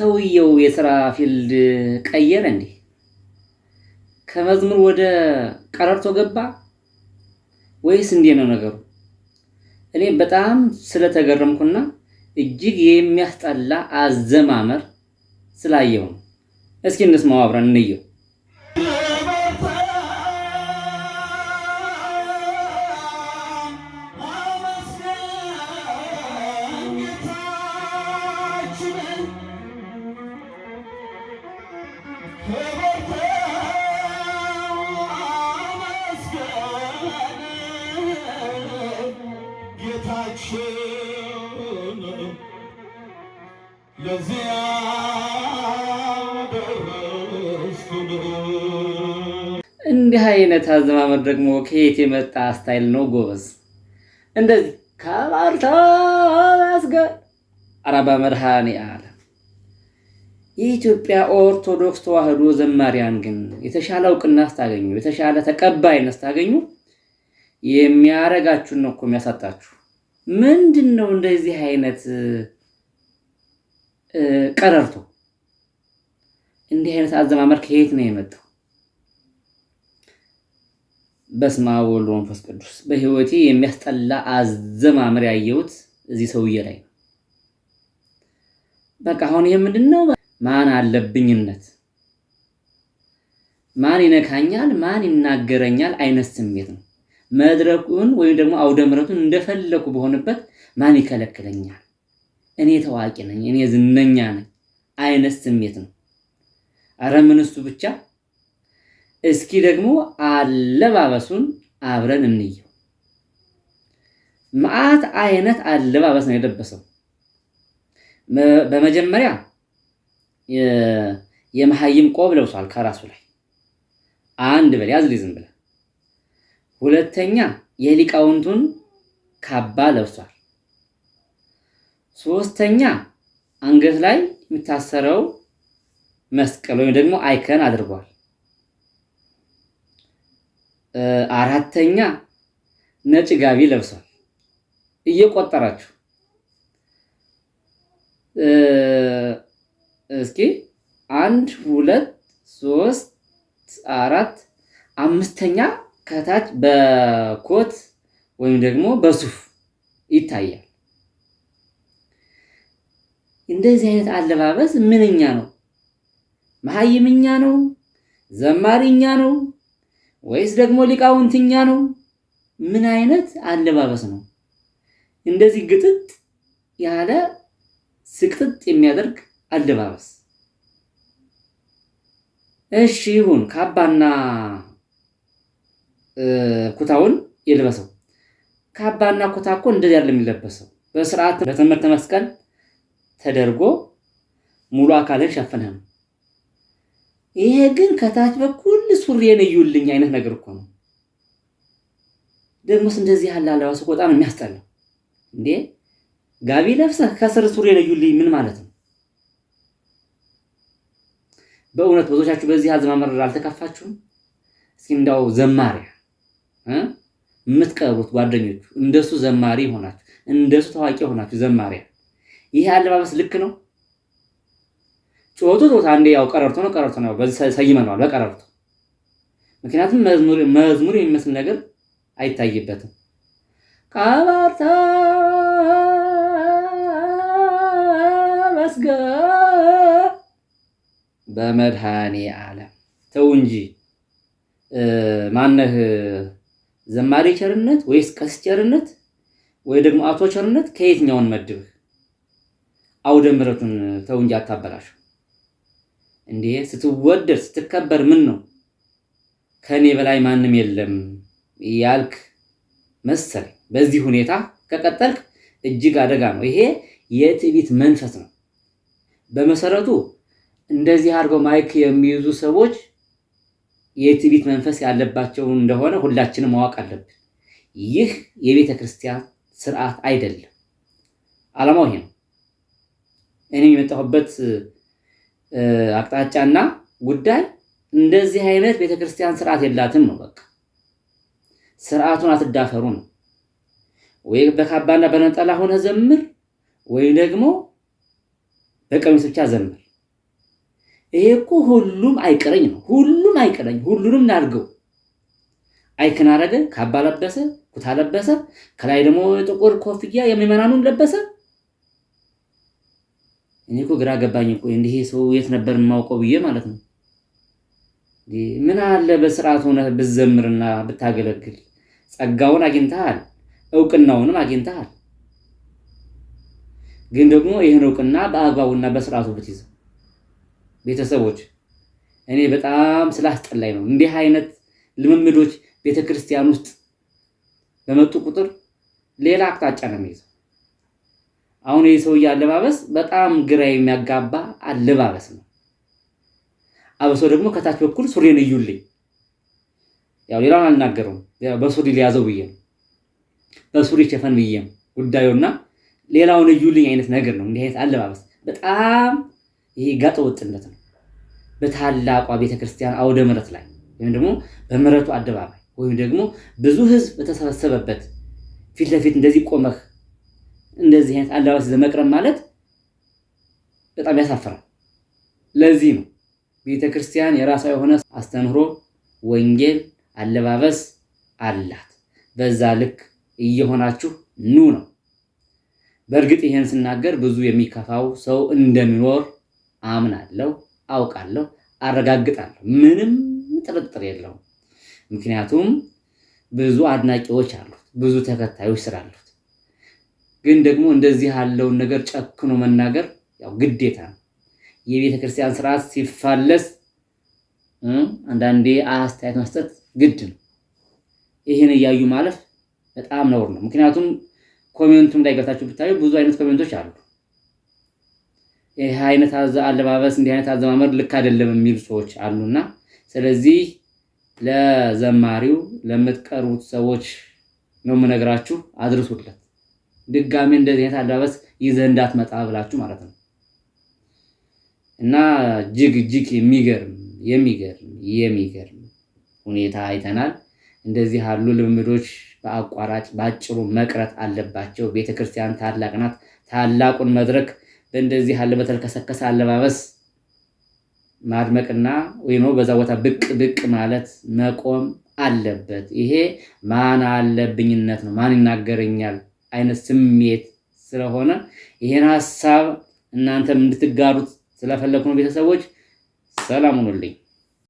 ሰውየው የሥራ ፊልድ ቀየረ እንዴ? ከመዝሙር ወደ ቀረርቶ ገባ ወይስ እንዴ ነው ነገሩ? እኔ በጣም ስለተገረምኩና እጅግ የሚያስጠላ አዘማመር ስላየው ነው። እስኪ እንስማው አብረን እንየው። እንዲህ አይነት አዘማመድ ደግሞ ከየት የመጣ ስታይል ነው ጎበዝ? እንደዚህ ከባርታ መስገ አረባ መድሃኒ አለ የኢትዮጵያ ኦርቶዶክስ ተዋህዶ ዘማሪያን ግን የተሻለ እውቅና ስታገኙ፣ የተሻለ ተቀባይነት ስታገኙ የሚያረጋችሁን ነው እኮ የሚያሳጣችሁ። ምንድን ነው እንደዚህ አይነት ቀረርቶ፣ እንዲህ አይነት አዘማመር ከየት ነው የመጣው? በስመ አብ ወወልድ ወመንፈስ ቅዱስ። በህይወቴ የሚያስጠላ አዘማመር ያየሁት እዚህ ሰውዬ ላይ ነው። በቃ አሁን ይሄ ምንድን ነው? ማን አለብኝነት፣ ማን ይነካኛል፣ ማን ይናገረኛል አይነት ስሜት ነው። መድረኩን ወይም ደግሞ አውደ ምረቱን እንደፈለኩ በሆነበት ማን ይከለክለኛል፣ እኔ ታዋቂ ነኝ፣ እኔ ዝነኛ ነኝ አይነት ስሜት ነው። አረ ምንሱ ብቻ። እስኪ ደግሞ አለባበሱን አብረን እንየው። መዓት አይነት አለባበስ ነው የለበሰው። በመጀመሪያ የመሀይም ቆብ ለብሷል ከራሱ ላይ አንድ በል ያዝ ሊዝም ብለ ሁለተኛ የሊቃውንቱን ካባ ለብሷል። ሶስተኛ አንገት ላይ የሚታሰረው መስቀል ወይም ደግሞ አይከን አድርጓል። አራተኛ ነጭ ጋቢ ለብሷል። እየቆጠራችሁ እስኪ አንድ ሁለት ሶስት አራት አምስተኛ ከታች በኮት ወይም ደግሞ በሱፍ ይታያል። እንደዚህ አይነት አለባበስ ምንኛ ነው? መሀይምኛ ነው? ዘማሪኛ ነው? ወይስ ደግሞ ሊቃውንትኛ ነው? ምን አይነት አለባበስ ነው? እንደዚህ ግጥጥ ያለ ስቅጥጥ የሚያደርግ አለባበስ። እሺ ይሁን፣ ካባና ኩታውን የልበሰው። ካባና ኩታ እኮ እንደዚህ ያለ የሚለበሰው በስርዓት በትምህርተ መስቀል ተደርጎ ሙሉ አካልን ሸፍነህ ነው። ይሄ ግን ከታች በኩል ሱሪዬን እዩልኝ አይነት ነገር እኮ ነው። ደግሞስ እንደዚህ ያለ አለባበስ በጣም የሚያስጠላው እንዴ! ጋቢ ለብሰህ ከስር ሱሪዬን እዩልኝ ምን ማለት ነው? በእውነት ብዙዎቻችሁ በዚህ አዘማመር አልተከፋችሁም? እስኪ እንዳው ዘማሪያ የምትቀርቡት ጓደኞቹ እንደሱ ዘማሪ ሆናችሁ እንደሱ ታዋቂ ሆናችሁ ዘማሪያ ይሄ አለባበስ ልክ ነው? ጮቱ ጮት አንዴ ያው ቀረርቶ ነው ቀረርቶ ነው ሰይመነዋል በቀረርቶ ምክንያቱም መዝሙር የሚመስል ነገር አይታይበትም። ቀበርታ በመድኃኔ ዓለም ተው እንጂ ማነህ ዘማሪ ቸርነት ወይስ ቀስ ቸርነት ወይ ደግሞ አቶ ቸርነት ከየትኛውን መድብህ? አውደ ምረቱን ተው እንጂ አታበላሽው። እንዴ ስትወደድ ስትከበር ምን ነው ከኔ በላይ ማንም የለም ያልክ መሰል በዚህ ሁኔታ ከቀጠልክ እጅግ አደጋ ነው። ይሄ የትዕቢት መንፈስ ነው በመሰረቱ እንደዚህ አድርገው ማይክ የሚይዙ ሰዎች የትዕቢት መንፈስ ያለባቸው እንደሆነ ሁላችንም ማወቅ አለብን። ይህ የቤተ ክርስቲያን ስርዓት አይደለም። ዓላማው ይሄ ነው። እኔ የመጣሁበት አቅጣጫና ጉዳይ እንደዚህ አይነት ቤተ ክርስቲያን ስርዓት የላትም ነው። በቃ ስርዓቱን አትዳፈሩ ነው። ወይ በካባና በነጠላ ሆነ ዘምር፣ ወይ ደግሞ በቀሚስ ብቻ ዘምር። ይሄ እኮ ሁሉም አይቀረኝ ነው። ሁሉም አይቀረኝ፣ ሁሉንም ናድርገው። አይክን አረገ፣ ካባ ለበሰ፣ ኩታ ለበሰ፣ ከላይ ደግሞ ጥቁር ኮፍያ የሚመናኑን ለበሰ። እኔ እኮ ግራ ገባኝ እኮ እንዲህ ሰው የት ነበር የማውቀው ብዬ ማለት ነው። ምን አለ በስርዓት ሆነ ብትዘምርና ብታገለግል። ጸጋውን አግኝተሃል፣ እውቅናውንም አግኝተሃል። ግን ደግሞ ይህን እውቅና በአግባቡና በስርዓቱ ብትይዘው ቤተሰቦች እኔ በጣም ስላስጠላኝ ነው። እንዲህ አይነት ልምምዶች ቤተ ክርስቲያን ውስጥ በመጡ ቁጥር ሌላ አቅጣጫ ነው የሚይዘው። አሁን ይህ ሰውዬ አለባበስ በጣም ግራ የሚያጋባ አለባበስ ነው። አበሶ ደግሞ ከታች በኩል ሱሪን እዩልኝ። ያው ሌላውን አልናገረውም፣ በሱሪ ሊያዘው ብዬ ነው፣ በሱሪ ሸፈን ብዬ ነው ጉዳዩና ሌላውን እዩልኝ አይነት ነገር ነው። እንዲህ አይነት አለባበስ በጣም ይህ ጋጠ ወጥነት ነው። በታላቋ ቤተክርስቲያን አውደ ምረት ላይ ወይም ደግሞ በምረቱ አደባባይ ወይም ደግሞ ብዙ ህዝብ በተሰበሰበበት ፊት ለፊት እንደዚህ ቆመህ እንደዚህ አይነት አለባበስ መቅረብ ማለት በጣም ያሳፍራል። ለዚህ ነው ቤተክርስቲያን የራሷ የሆነ አስተምህሮ፣ ወንጌል፣ አለባበስ አላት። በዛ ልክ እየሆናችሁ ኑ ነው። በእርግጥ ይህን ስናገር ብዙ የሚከፋው ሰው እንደሚኖር አምናለሁ፣ አውቃለሁ፣ አረጋግጣለሁ። ምንም ጥርጥር የለውም። ምክንያቱም ብዙ አድናቂዎች አሉት፣ ብዙ ተከታዮች ስላሉት። ግን ደግሞ እንደዚህ ያለውን ነገር ጨክኖ መናገር ያው ግዴታ ነው። የቤተ ክርስቲያን ስርዓት ሲፋለስ አንዳንዴ አስተያየት መስጠት ግድ ነው። ይህን እያዩ ማለፍ በጣም ነውር ነው። ምክንያቱም ኮሜንቱም ላይ ገብታችሁ ብታዩ ብዙ አይነት ኮሜንቶች አሉ። ይህ አይነት አለባበስ እንዲህ አይነት አዘማመር ልክ አይደለም የሚሉ ሰዎች አሉና፣ ስለዚህ ለዘማሪው ለምትቀርቡት ሰዎች ነው የምነግራችሁ፣ አድርሱለት። ድጋሜ እንደዚህ አይነት አለባበስ ይዘህ እንዳትመጣ ብላችሁ ማለት ነው። እና እጅግ እጅግ የሚገርም የሚገርም የሚገርም ሁኔታ አይተናል። እንደዚህ ያሉ ልምምዶች በአቋራጭ በአጭሩ መቅረት አለባቸው። ቤተክርስቲያን ታላቅ ናት። ታላቁን መድረክ በእንደዚህ ያለ በተልከሰከሰ አለባበስ ማድመቅና ወይም በዛ ቦታ ብቅ ብቅ ማለት መቆም አለበት። ይሄ ማን አለብኝነት ነው፣ ማን ይናገረኛል አይነት ስሜት ስለሆነ ይሄን ሀሳብ እናንተም እንድትጋሩት ስለፈለግኩ ነው። ቤተሰቦች ሰላም ሁኑልኝ።